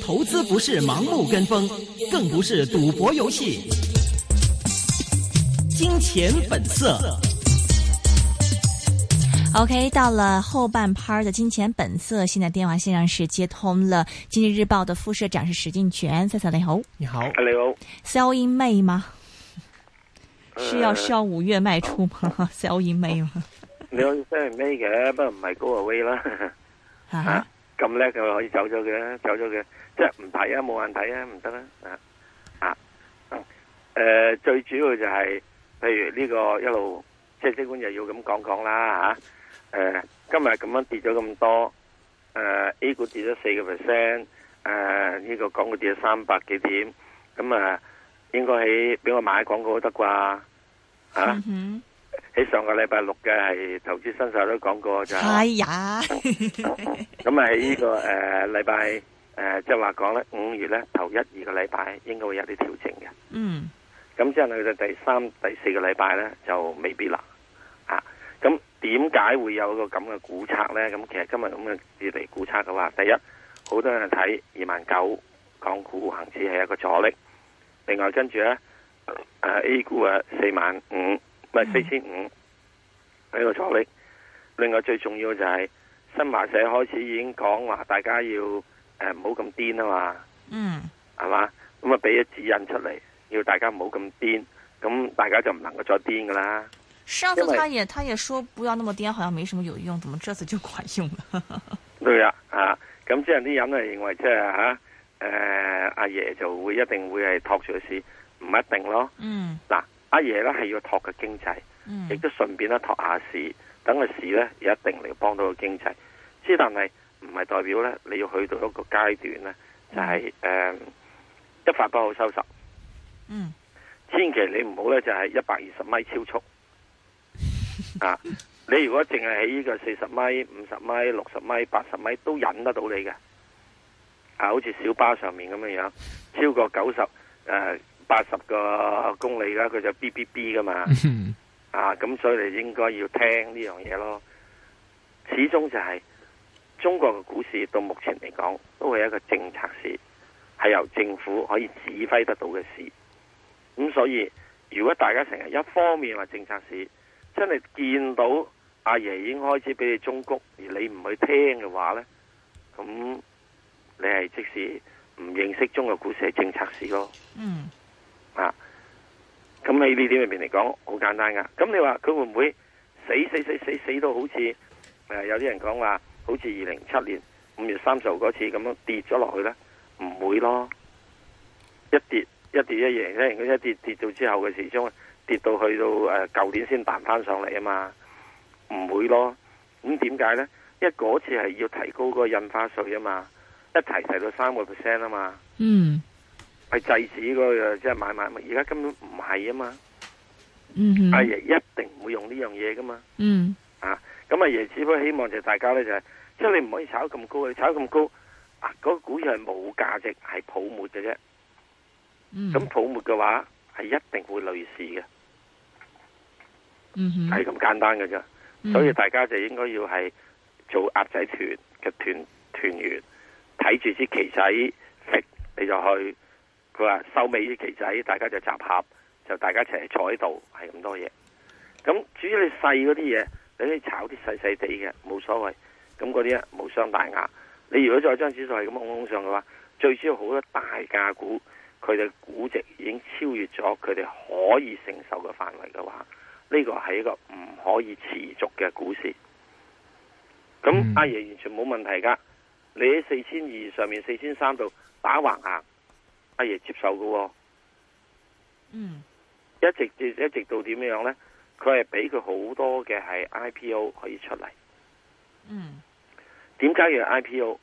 投資不是盲目跟風，更不是賭博遊戲。金錢本色。OK，到了後半拍的金錢本色。現在電話線上是接通了《經濟日報》的副社長是史進全。撒撒你好，你好，你 Sell in m 妹嗎？是要需要五月賣出嗎？Sell in m 妹嗎？你可以 Sell in m 妹 y 不過唔係 Go Away 啦。啊？咁叻佢就可以走咗嘅，走咗嘅，即係唔睇啊，冇眼睇啊，唔得啦，啊啊，誒、呃，最主要就係、是，譬如呢個一路，即係即管又要咁講講啦吓，誒，今日咁樣跌咗咁多，誒、啊，A 股跌咗四個 percent，誒，呢、啊這個港股跌咗三百幾點，咁、嗯、啊，應該喺俾我買的廣告都得啩、啊啊嗯嗯，啊？喺上個禮拜六嘅係投資新手都講過就係，咁咪呢個誒禮拜誒即係話講咧，五月咧頭一二個禮拜應該會有啲調整嘅。嗯，咁之後去到第三、第四個禮拜咧就未必啦。啊，咁點解會有個咁嘅估測咧？咁其實今日咁嘅越嚟估測嘅話，第一好多人睇二萬九，港股恒指係一個阻力。另外跟住咧，誒 A 股啊四萬五。唔係四千五喺度坐底，另外最重要就係新華社開始已經講話，大家要誒唔好咁癲啊嘛。嗯，係嘛，咁啊俾啲指引出嚟，要大家唔好咁癲，咁大家就唔能夠再癲噶啦。上次他也為他也說不要那麼癲，好像沒什麼有用，怎麼這次就管用了？ 對啊，吓、啊，咁即係啲人咧認為即係吓，誒阿爺就會一定會係托住佢事，唔一定咯。嗯，嗱。阿爺咧係要托個經濟，亦都順便咧托下市，等個市咧有一定嚟幫到個經濟。之但係唔係代表咧，你要去到一個階段咧，就是，就係誒一發不可收拾。嗯，千祈你唔好咧，就係一百二十米超速 啊！你如果淨係喺呢個四十米、五十米、六十米、八十米都忍得到你嘅啊，好似小巴上面咁樣樣，超過九十誒。八十個公里，啦，佢就嗶嗶嗶噶嘛， 啊，咁，所以你應該要聽呢樣嘢咯。始終就係中國嘅股市，到目前嚟講，都係一個政策市，係由政府可以指揮得到嘅事。咁所以，如果大家成日一方面話政策市，真係見到阿爺已經開始俾你中谷，而你唔去聽嘅話呢，咁你係即使唔認識中國股市係政策市咯。嗯。啊，咁喺呢啲入面嚟講好簡單噶，咁你話佢會唔會死死死死死到好似誒有啲人講話好似二零七年五月三十號嗰次咁樣跌咗落去呢？唔會咯，一跌一跌一贏一跌跌到之後嘅時鐘跌到去到誒舊年先彈翻上嚟啊嘛，唔會咯。咁點解呢？因為嗰次係要提高個印花稅啊嘛，一提提到三個 percent 啊嘛。嗯。係制止個即係買賣嘛，而家根本唔係啊嘛。阿爺、mm hmm. 啊、一定唔會用呢樣嘢噶嘛。嗯、mm，hmm. 啊，咁阿爺只不過希望就大家咧就係、是，即、就、係、是、你唔可以炒咁高，你炒咁高，啊，嗰、那個股票係冇價值，係泡沫嘅啫。咁、mm hmm. 泡沫嘅話係一定會類似嘅。嗯係咁簡單嘅啫。Mm hmm. 所以大家就應該要係做鴨仔團嘅團團員，睇住支旗仔食，你就去。佢話收尾啲期仔，大家就集合，就大家一齊坐喺度，係咁多嘢。咁至於你細嗰啲嘢，你可以炒啲細細地嘅，冇所謂。咁嗰啲啊無傷大雅。你如果再將指數係咁往上嘅話，最主要好多大價股，佢哋嘅估值已經超越咗佢哋可以承受嘅範圍嘅話，呢個係一個唔可以持續嘅股市。咁、嗯、阿爺完全冇問題噶，你喺四千二上面四千三度打橫行。阿爺、哎、接受嘅、哦，嗯一，一直至一直到點樣呢？佢係俾佢好多嘅係 IPO 可以出嚟，嗯，點解要 IPO？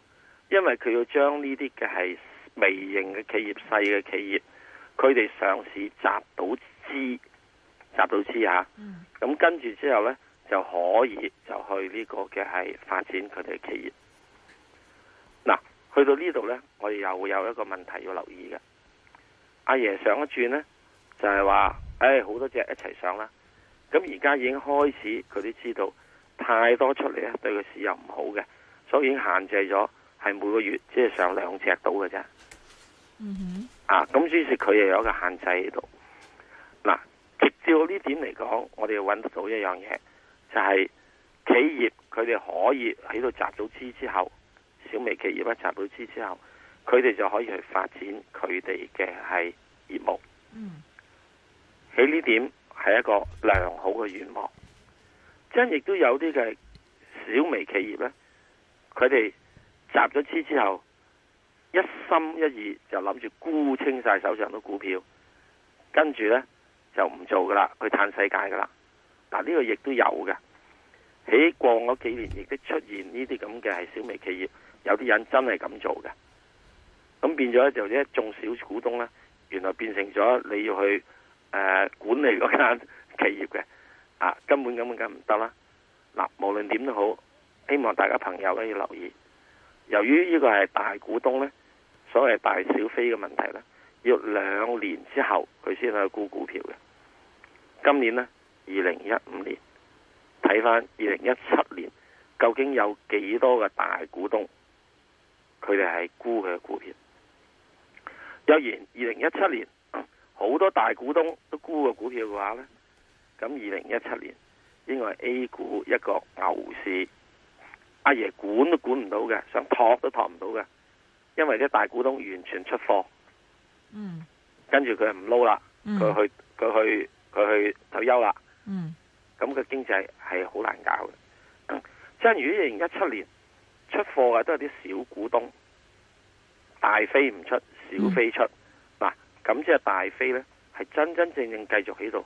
因為佢要將呢啲嘅係微型嘅企業、細嘅企業，佢哋上市集到資，集到資吓，咁、啊嗯、跟住之後呢，就可以就去呢個嘅係發展佢哋企業。去到呢度呢，我哋又會有一個問題要留意嘅。阿爺上一轉呢，就係話，誒，好多隻一齊上啦。咁而家已經開始佢都知道太多出嚟咧，對個市又唔好嘅，所以已經限制咗，係每個月即係上兩隻到嘅啫。嗯哼。啊，咁於是佢又有一個限制喺度。嗱，照呢點嚟講，我哋要揾得到一樣嘢，就係企業佢哋可以喺度集到資之後。小微企業一集到資之後，佢哋就可以去發展佢哋嘅係業務。嗯，喺呢點係一個良好嘅願望。真亦都有啲嘅小微企業咧，佢哋集咗資之後，一心一意就諗住沽清晒手上嘅股票，跟住咧就唔做噶啦，去嘆世界噶啦。嗱、啊、呢、這個亦都有嘅，喺過嗰幾年亦都出現呢啲咁嘅係小微企業。有啲人真係咁做嘅，咁變咗就一眾小股東咧，原來變成咗你要去誒、呃、管理嗰間企業嘅，啊根本咁樣梗唔得啦！嗱、啊，無論點都好，希望大家朋友咧要留意，由於呢個係大股東咧，所謂大小非嘅問題咧，要兩年之後佢先可以沽股票嘅。今年呢，二零一五年睇翻二零一七年，究竟有幾多嘅大股東？佢哋係沽佢嘅股票，若然二零一七年好多大股東都沽過股票嘅話呢，咁二零一七年應該係 A 股一個牛市，阿爺管都管唔到嘅，想托都托唔到嘅，因為啲大股東完全出貨，嗯，跟住佢係唔撈啦，佢去佢去佢去退休啦，嗯，咁佢經濟係好難搞嘅，即係如果二零一七年。出貨嘅都係啲小股東，大飛唔出，小飛出嗱，咁即係大飛呢係真真正正繼續喺度。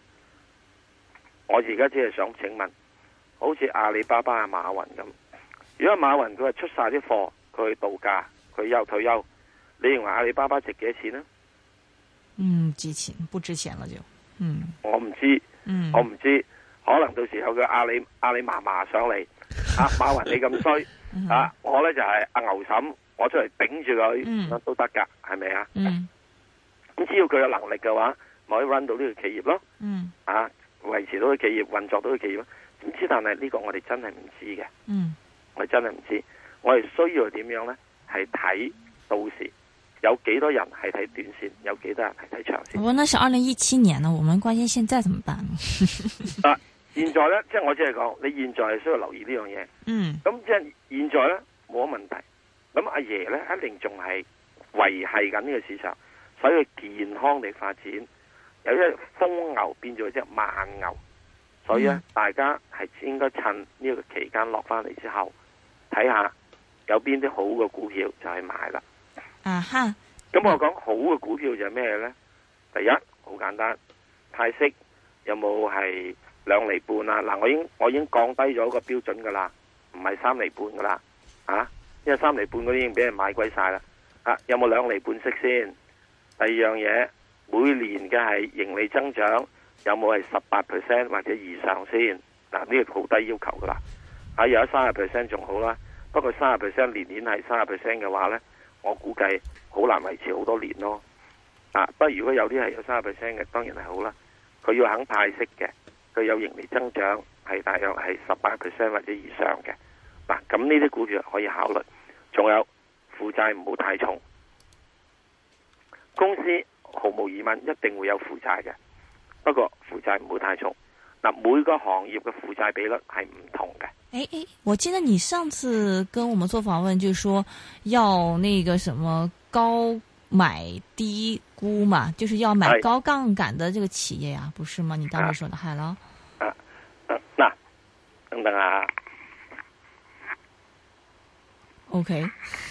我而家只係想請問，好似阿里巴巴阿馬雲咁，如果馬雲佢係出晒啲貨，佢去度假，佢休退休，你認為阿里巴巴值幾多錢呢？嗯，值錢不值錢啦就，嗯，我唔知，嗯，我唔知，可能到時候佢阿里阿里媽媽上嚟，啊馬雲你咁衰。 啊！我咧就係、是、阿牛嬸，我出嚟頂住佢、嗯、都得噶，係咪啊？咁、嗯、只要佢有能力嘅話，咪可以 run 到呢個企業咯。嗯、啊，維持到啲企業，運作到啲企業，咁知但係呢個我哋真係唔知嘅、嗯。我真係唔知，我哋需要點樣咧？係睇到時，有幾多人係睇短線，有幾多人係睇長線。我那是二零一七年啦，我們關心現在怎麼辦？ 啊現在呢，即係我只係講，你現在係需要留意呢樣嘢。嗯。咁即係現在呢，冇乜問題。咁阿爺呢，一定仲係維繫緊呢個市場，所以健康地發展，由一隻瘋牛變咗一隻慢牛。嗯、所以呢，大家係應該趁呢個期間落返嚟之後，睇下有邊啲好嘅股票就去買啦。咁、啊、哈我講好嘅股票就係咩呢？第一，好簡單，泰式，有冇係？兩厘半啦，嗱，我已經我已經降低咗個標準噶啦，唔係三厘半噶啦，啊，因為三厘半嗰啲已經俾人買鬼晒啦。啊，有冇兩厘半息先？第二樣嘢，每年嘅係盈利增長有冇係十八 percent 或者以上先？嗱，啊，呢個好低要求噶啦。啊，有三十 percent 仲好啦，不過三十 percent 年年係三十 percent 嘅話咧，我估計好難維持好多年咯。啊，不過如果有啲係有三十 percent 嘅，當然係好啦，佢要肯派息嘅。佢有盈利增長係大約係十八 percent 或者以上嘅嗱，咁呢啲股票可以考慮。仲有負債唔好太重。公司毫無疑問一定會有負債嘅，不過負債唔好太重。嗱，每個行業嘅負債比率係唔同嘅。誒誒、哎哎，我記得你上次跟我們做訪問就，就說要那個什麼高。買低估嘛，就是要買高槓桿的這個企業啊是不是嗎？你當時說的，海龍、啊，啊，啊，等等啊 OK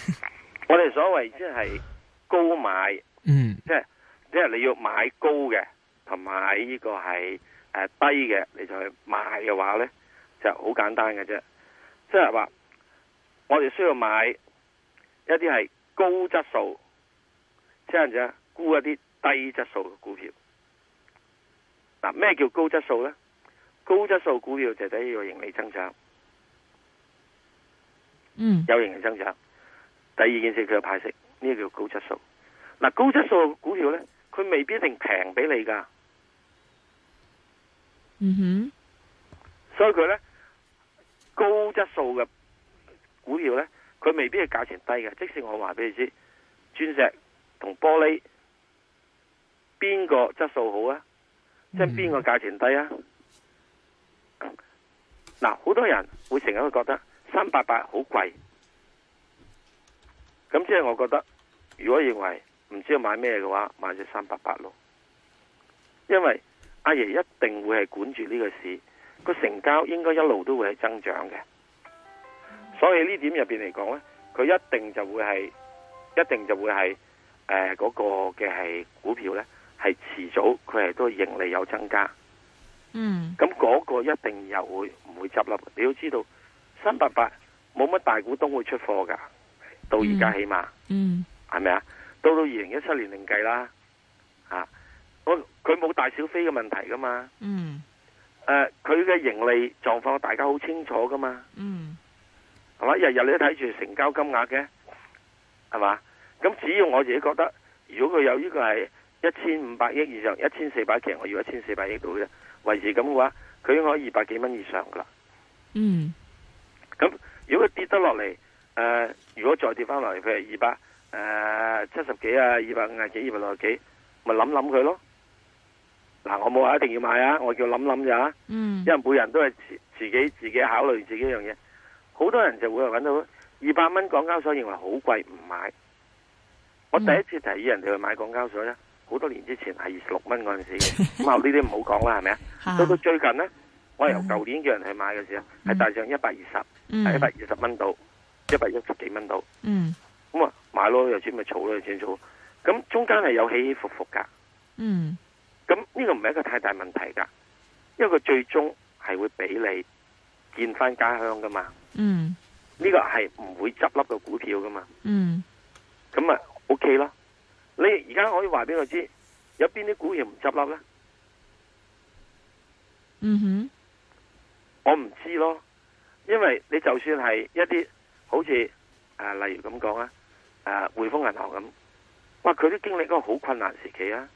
我哋所謂即係高買，嗯，即係即係你要買高嘅，同埋呢個係誒低嘅，你就去買嘅話咧，就好簡單嘅啫，即係話我哋需要買一啲係高質素。即沽一啲低質素嘅股票。嗱、啊，咩叫高質素咧？高質素股票就係第一要盈利增長，嗯，有盈利增長。第二件事佢有派息，呢、這個叫高質素。嗱、啊，高質素股票咧，佢未必一定平俾你㗎。嗯哼。所以佢咧，高質素嘅股票咧，佢未必係價錢低嘅。即使我話俾你知，鑽石。同玻璃邊個質素好啊？即係邊個價錢低啊？嗱、mm，好、hmm. 多人會成日都覺得三八八好貴，咁即係我覺得，如果認為唔知要買咩嘅話，買隻三八八咯。因為阿爺一定會係管住呢個市，個成交應該一路都會係增長嘅，所以呢點入面嚟講咧，佢一定就會係，一定就會係。誒，嗰、呃那個嘅係股票咧，係遲早佢係都盈利有增加。嗯，咁嗰個一定又會唔會執笠？你要知道，三八八冇乜大股東會出貨噶，到而家起碼、嗯，嗯，係咪啊？到到二零一七年定計啦，吓，佢冇大小飛嘅問題噶嘛，嗯，誒、呃，佢嘅盈利狀況大家好清楚噶嘛，嗯，係嘛，日日你都睇住成交金額嘅，係嘛？咁只要我自己覺得，如果佢有呢個係一千五百億以上，一千四百億，我要一千四百億到嘅維持咁嘅話，佢應該二百幾蚊以上噶啦。嗯。咁如果佢跌得落嚟，誒、呃，如果再跌翻落嚟，譬如二百誒七十幾啊，二百五廿幾，二百六十幾，咪諗諗佢咯。嗱，我冇話一定要買啊，我叫諗諗咋。嗯。因為每人都係自自己自己考慮自己一樣嘢，好多人就會揾到二百蚊港交所認為好貴唔買。我第一次提議人哋去買港交所咧，好多年之前係二十六蚊嗰陣時，咁啊呢啲唔好講啦，係咪啊？到到最近咧，我由舊年叫人去買嘅時候，係帶上一百二十，係一百二十蚊到，一百一十幾蚊到。嗯。咁啊、嗯，嗯、那買咯，有錢咪儲咯，有錢儲。咁中間係有起起伏伏噶。嗯。咁呢個唔係一個太大問題噶，因為最終係會俾你見翻家鄉噶嘛。嗯。呢個係唔會執笠嘅股票噶嘛。嗯。咁啊。O K 咯，你而家可以話俾、mm hmm. 我知有邊啲股票唔執笠咧？嗯哼，我唔知咯，因為你就算係一啲好似誒、呃，例如咁講啊，誒匯豐銀行咁，哇佢都經歷一個好困難時期啊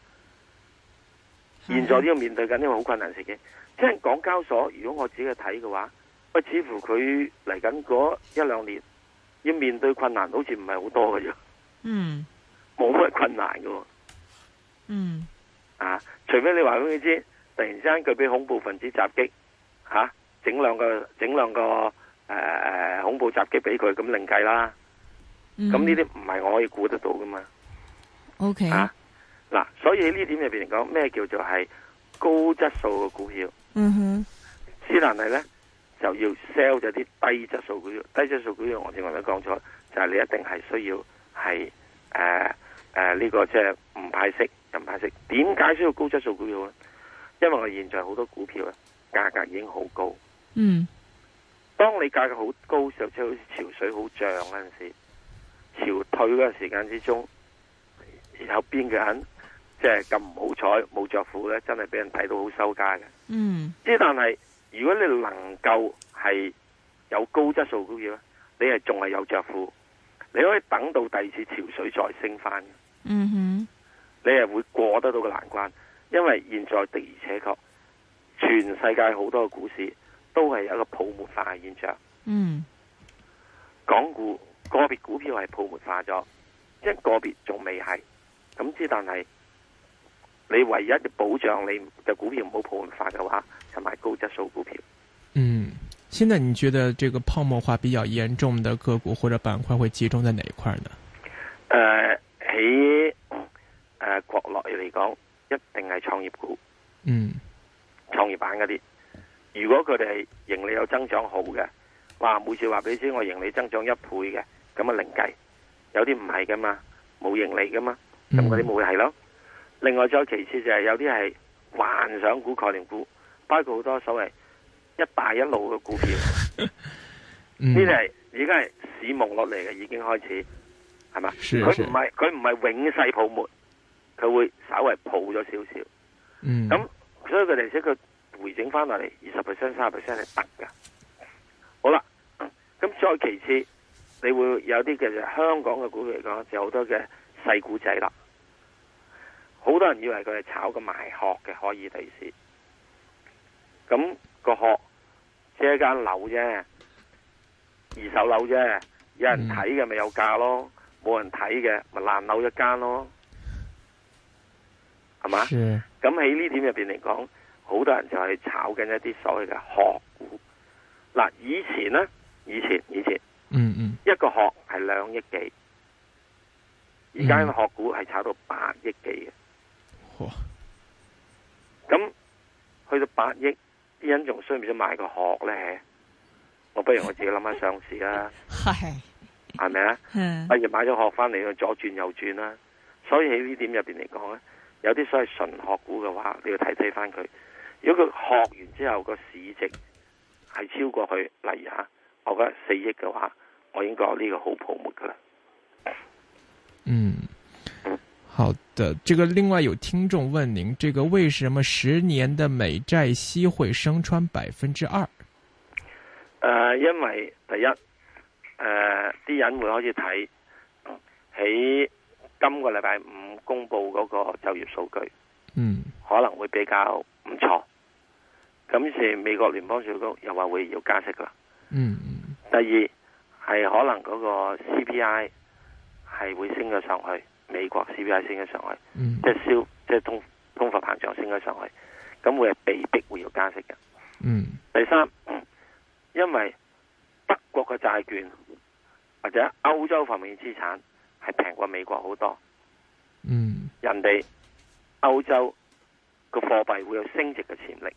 ，mm hmm. 現在都要面對緊呢個好困難時期。即係港交所，如果我自己去睇嘅話，喂、呃，似乎佢嚟緊嗰一兩年要面對困難，好似唔係好多㗎啫。嗯，冇乜困難嘅、啊。嗯，啊，除非你話俾佢知，突然之間佢俾恐怖分子襲擊，吓、啊，整兩個整兩個誒誒、呃、恐怖襲擊俾佢，咁另計啦。咁呢啲唔係我可以估得到噶嘛？OK、啊。啊，嗱，所以呢點入邊嚟講，咩叫做係高質素嘅股票？嗯哼。只能係咧，就要 sell 咗啲低質素股票，低質素股票，我之前同你講咗，就係、是、你一定係需要。係誒誒，呢、呃呃這個即係唔派息，唔派息。點解需要高質素股票咧？因為我現在好多股票咧，價格已經好高。嗯。當你價格好高，上即係好似潮水好漲嗰陣時，潮退嘅時間之中，有邊個人即係咁唔好彩，冇着褲咧，真係俾人睇到好收家嘅。嗯。之但係，如果你能夠係有高質素股票咧，你係仲係有着褲。你可以等到第二次潮水再升翻。嗯哼，你係會過得到個難關，因為現在的而且確，全世界好多嘅股市都係有一個泡沫化嘅現象。嗯，港股個別股票係泡沫化咗，一個別仲未係，咁之但係，你唯一嘅保障，你嘅股票唔好泡沫化嘅話，就買高質素股票。現在你覺得這個泡沫化比較嚴重的個股或者板塊會集中在哪一塊呢？誒喺誒國內嚟講，一定係創業股。嗯，創業板嗰啲，如果佢哋係盈利有增長好嘅，哇，每次話俾你知我盈利增長一倍嘅，咁啊零計，有啲唔係噶嘛，冇盈利噶嘛，咁嗰啲冇係咯。嗯、另外仲有其次就係、是、有啲係幻想股、概念股，包括好多所謂。一帶一路嘅股票，呢啲係而家係市夢落嚟嘅，已經開始係嘛？佢唔係佢唔係永世泡沫，佢會稍微破咗少少。咁、嗯、所以佢哋市佢回整翻落嚟，二十 percent、三十 percent 係得噶。好啦，咁再其次，你會有啲嘅、就是、香港嘅股票嚟講，就好多嘅細股仔啦。好多人以為佢係炒個賣殼嘅，可以地市咁。個殼，即係一間樓啫，二手樓啫，有人睇嘅咪有價咯，冇、嗯、人睇嘅咪爛樓一間咯，係嘛是？咁喺呢點入邊嚟講，好多人就係炒緊一啲所謂嘅殼股。嗱，以前咧，以前以前，嗯嗯，嗯一個殼係兩億幾，而家嘅殼股係炒到八億幾嘅，哇、哦！咁去到八億。啲人仲需唔需要買個殼咧？我不如我自己諗下上市啦，係係咪啊？嗯， 不如買咗殼翻嚟，左轉右轉啦。所以喺呢點入邊嚟講咧，有啲所謂純殼股嘅話，你要睇睇翻佢。如果佢殼完之後個市值係超過佢，例如吓，我覺得四億嘅話，我應該覺得呢個好泡沫噶啦。嗯。好的，這個另外有聽眾問您，這個為什麼十年的美債息會升穿百分之二？誒、呃，因為第一，誒、呃、啲人會開始睇喺今個禮拜五公布嗰個就業數據，嗯，可能會比較唔錯。咁是美國聯邦儲局又話會要加息啦，嗯，第二係可能嗰個 CPI 係會升咗上去。美國 CPI 升咗上去，嗯、即係消即係通通貨膨脹升咗上去，咁會係被逼會有加息嘅。嗯、第三，因為德國嘅債券或者歐洲方面嘅資產係平過美國好多。嗯，人哋歐洲個貨幣會有升值嘅潛力。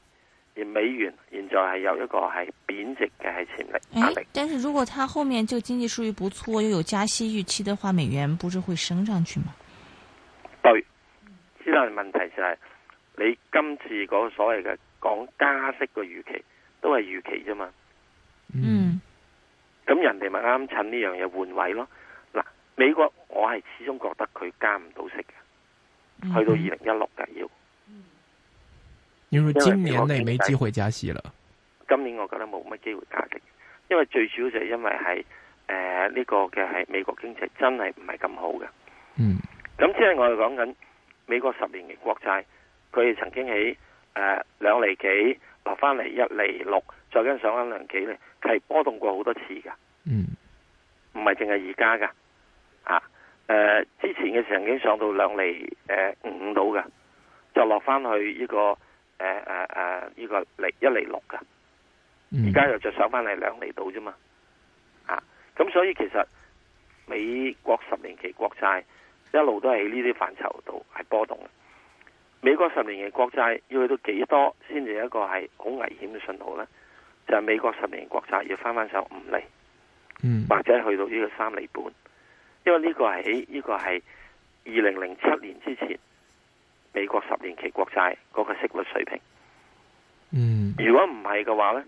而美元現在係有一個係貶值嘅係潛力，哎、但是如果佢後面就經濟數據不錯，又有加息預期嘅話，美元不是會升上去嗎？對，知但係問題就係、是、你今次嗰個所謂嘅講加息嘅預期都係預期啫嘛，嗯，咁人哋咪啱趁呢樣嘢換位咯，嗱，美國我係始終覺得佢加唔到息嘅，嗯、去到二零一六嘅要。因為今年內沒機會加息了。今年我覺得冇乜機會加息，因為最主要就係因為係誒呢個嘅係美國經濟真係唔係咁好嘅。嗯。咁即係我哋講緊美國十年期國債，佢曾經喺誒、呃、兩厘幾落翻嚟，一厘六，再跟上翻兩厘幾厘，係波動過好多次噶。嗯。唔係淨係而家噶，誒、啊、呃、之前嘅時候已經上到兩厘誒、呃、五到嘅，就落翻去呢、這個。呢個嚟，一厘六㗎，而家又著上翻嚟兩厘度啫嘛，嗯、啊，咁所以其實美國十年期國債一路都喺呢啲範疇度係波動嘅。美國十年期國債要去到幾多先至一個係好危險嘅信號咧？就係、是、美國十年期國債要翻翻上五厘，或者去到呢個三厘半，因為呢個係喺呢個係二零零七年之前美國十年期國債嗰個息率水平。嗯，如果唔係嘅話呢，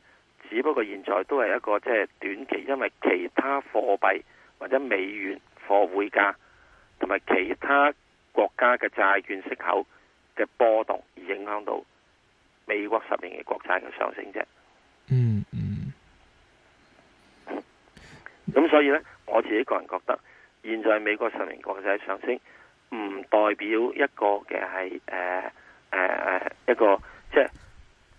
只不過現在都係一個即係短期，因為其他貨幣或者美元貨匯價同埋其他國家嘅債券息口嘅波動而影響到美國十年嘅國債嘅上升啫。嗯。嗯嗯。咁所以呢，我自己個人覺得，現在美國十年國債上升，唔代表一個嘅係誒誒一個即係。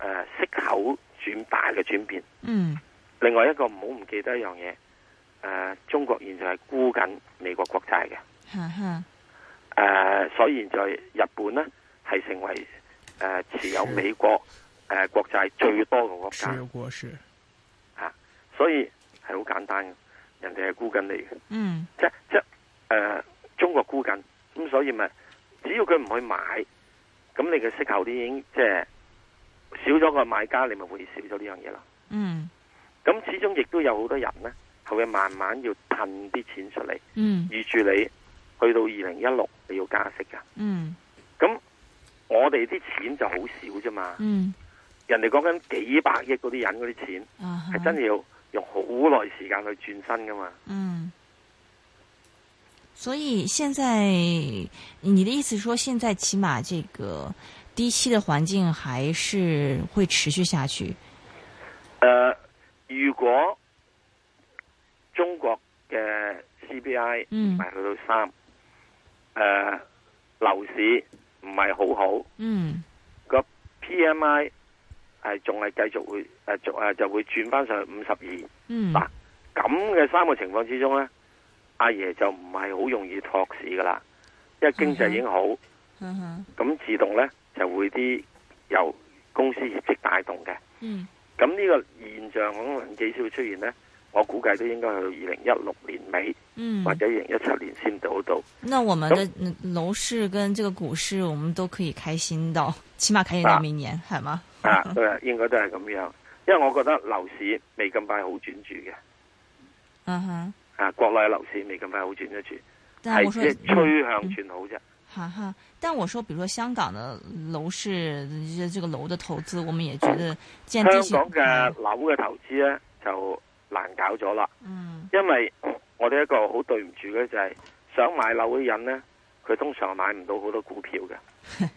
誒、啊，息口轉大嘅轉變。嗯。另外一個唔好唔記得一樣嘢。誒、啊，中國現在係沽緊美國國債嘅。誒、嗯啊，所以現在日本咧係成為誒、啊、持有美國誒、啊、國債最多嘅國家。國是啊、所以係好簡單嘅，人哋係沽緊你嘅。嗯。即即誒、啊，中國沽緊，咁所以咪只要佢唔去買，咁你嘅息口都已經即係。少咗個買家，你咪會少咗呢樣嘢啦。嗯，咁始終亦都有好多人咧，係會慢慢要褪啲錢出嚟。嗯，預住你去到二零一六，你要加息噶。嗯，咁我哋啲錢就好少啫嘛。嗯，人哋講緊幾百億嗰啲人嗰啲錢，係、啊、哈真係要用好耐時間去轉身噶嘛。嗯，所以現在你的意思說，現在起碼這個。低息嘅環境還是會持續下去。誒、呃，如果中國嘅 C B I 唔係去到三，誒、嗯呃、樓市唔係好好，嗯，P M I 係、呃、仲係繼續會誒，仲、呃、誒就會轉翻上去五十二。嗯，嗱咁嘅三個情況之中咧，阿、啊、爺就唔係好容易托市噶啦，因為經濟已經好，嗯咁自動咧。就會啲由公司業績帶動嘅，咁呢、嗯、個現象可能幾時會出現呢？我估計都應該去到二零一六年尾，嗯、或者二零一七年先到到。那我們的樓市跟這個股市，我們都可以開心到，嗯、起碼開心到明年，係、啊、嗎啊，對啊，應該都係咁樣。因為我覺得樓市未咁快好轉住嘅，啊，哈啊，國內嘅樓市未咁快好轉得住，係即係趨向轉好啫。嗯嗯哈哈，但我說，比如說香港的樓市，這個樓的投資，我們也覺得漸漸，香港嘅樓嘅投資呢，就難搞咗啦。嗯，因為我哋一個好對唔住嘅就係，想買樓嘅人呢，佢通常買唔到好多股票嘅。誒、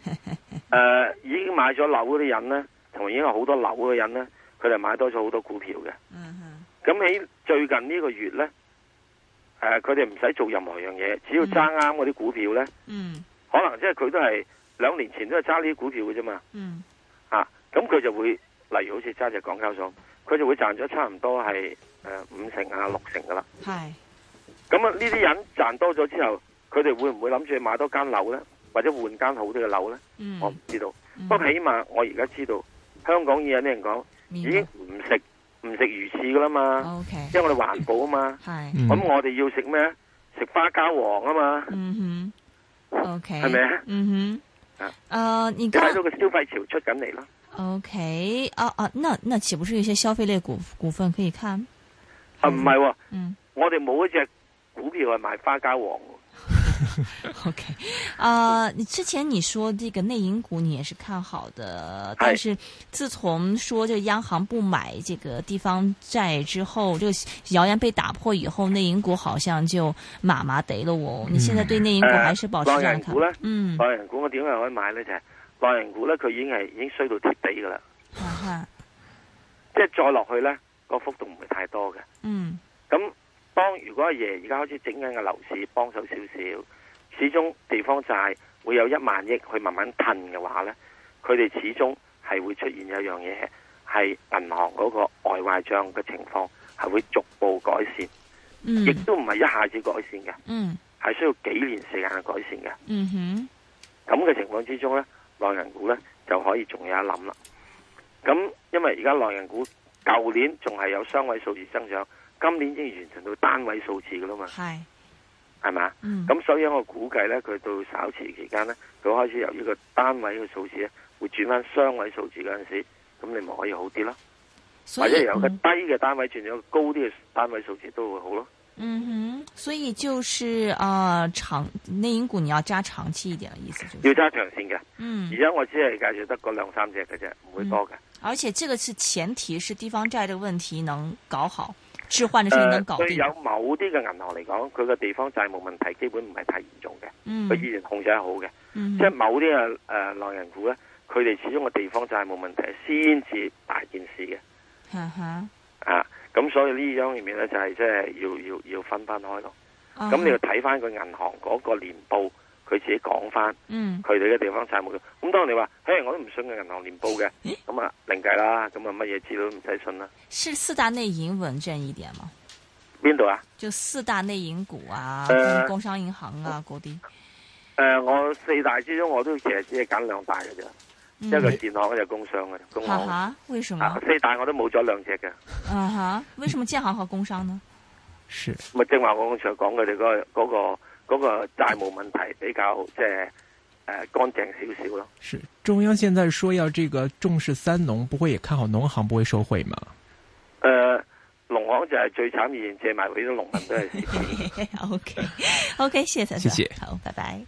呃，已經買咗樓嗰啲人呢，同埋已經有好多樓嘅人呢，佢就買多咗好多股票嘅。嗯咁哼喺最近呢個月呢。誒，佢哋唔使做任何樣嘢，只要揸啱嗰啲股票呢，嗯、可能即係佢都係兩年前都係揸呢啲股票嘅啫嘛。嗯、啊，咁佢就會例如好似揸隻港交所，佢就會賺咗差唔多係、呃、五成啊六成噶啦。係咁啊！呢啲人賺多咗之後，佢哋會唔會諗住買多一間樓呢？或者換一間好啲嘅樓呢？嗯、我唔知道。嗯、不過起碼我而家知道，香港已經有啲人講已經唔食，唔食魚翅噶啦嘛，okay, 因為我哋環保啊嘛，咁 okay,、嗯、我哋要食咩？食花膠王啊嘛，係咪啊？嗯哼，看看到 okay, 啊，你睇咗個消費潮出緊嚟啦。OK，啊、那那豈不是有些消費類股股份可以看？啊，唔係，嗯，哦、嗯我哋冇一隻股票去賣花膠王。 OK，啊，你之前你說這個內銀股你也是看好的。是但是自從說這央行不買這個地方債之後，這個謠言被打破以後，內銀股好像就麻麻得了哦。嗯、你現在對內銀股還是保持看？內銀、呃、股呢嗯，內銀股我點解可以買咧？就係內銀股呢佢已經係已經衰到貼地噶啦，啊哈，即係再落去呢、這個幅度唔會太多嘅，嗯，咁、嗯。當如果阿爺而家開始整緊嘅樓市幫手少少，始終地方債會有一萬億去慢慢褪嘅話呢，佢哋始終係會出現有一樣嘢，係銀行嗰個外壞賬嘅情況係會逐步改善，亦都唔係一下子改善嘅，係、嗯、需要幾年時間嘅改善嘅。咁嘅、嗯、哼情況之中呢，內銀股呢就可以仲有一諗啦。咁因為而家內銀股舊年仲係有雙位數字增長。今年已經完成到單位數字噶啦嘛，係，係嘛，咁所以我估計咧，佢到稍遲期間咧，佢開始由呢個單位嘅數字咧，會轉翻雙位數字嗰陣時，咁你咪可以好啲咯，所以或者由個低嘅單位轉咗、嗯、高啲嘅單位數字都會好咯。嗯哼，所以就是啊、呃，長內銀股你要加長期一點嘅意思、就是，要加長線嘅。嗯，而家我只係介紹得嗰兩三隻嘅啫，唔會多嘅、嗯。而且這個是前提是地方債嘅問題能搞好。誒，佢、呃、有某啲嘅銀行嚟講，佢個地方債務問題，基本唔係太嚴重嘅，佢依然控制得好嘅。嗯、哼即係某啲嘅誒，浪、呃、人股咧，佢哋始終個地方債務問題，先至大件事嘅。嗯、哼啊，咁所以這方呢樣裏面咧就係即係要要要分分開咯。咁你要睇翻佢銀行嗰個年報。自己講翻，嗯，佢哋嘅地方債務嘅，咁當然你話，嘿，我都唔信嘅銀行年報嘅，咁啊，另計啦，咁啊，乜嘢資料都唔使信啦。是四大內銀穩陣一點嘛？邊度啊？就四大內銀股啊，工商銀行啊嗰啲。誒，我四大之中，我都其實只係揀兩大嘅啫，一個建行，一個工商嘅，啊哈？為什麼？四大我都冇咗兩隻嘅。啊哈？為什麼建行和工商呢？是。咪正話我剛才講佢哋嗰嗰個。嗰個債務問題比較即係誒乾淨少少咯。是中央現在說要這個重視三農，不會也看好農行不會收回嘛。誒、呃，農行就係最慘言，而借埋俾啲農民都係。O K，O K，謝謝，謝謝，好，拜拜。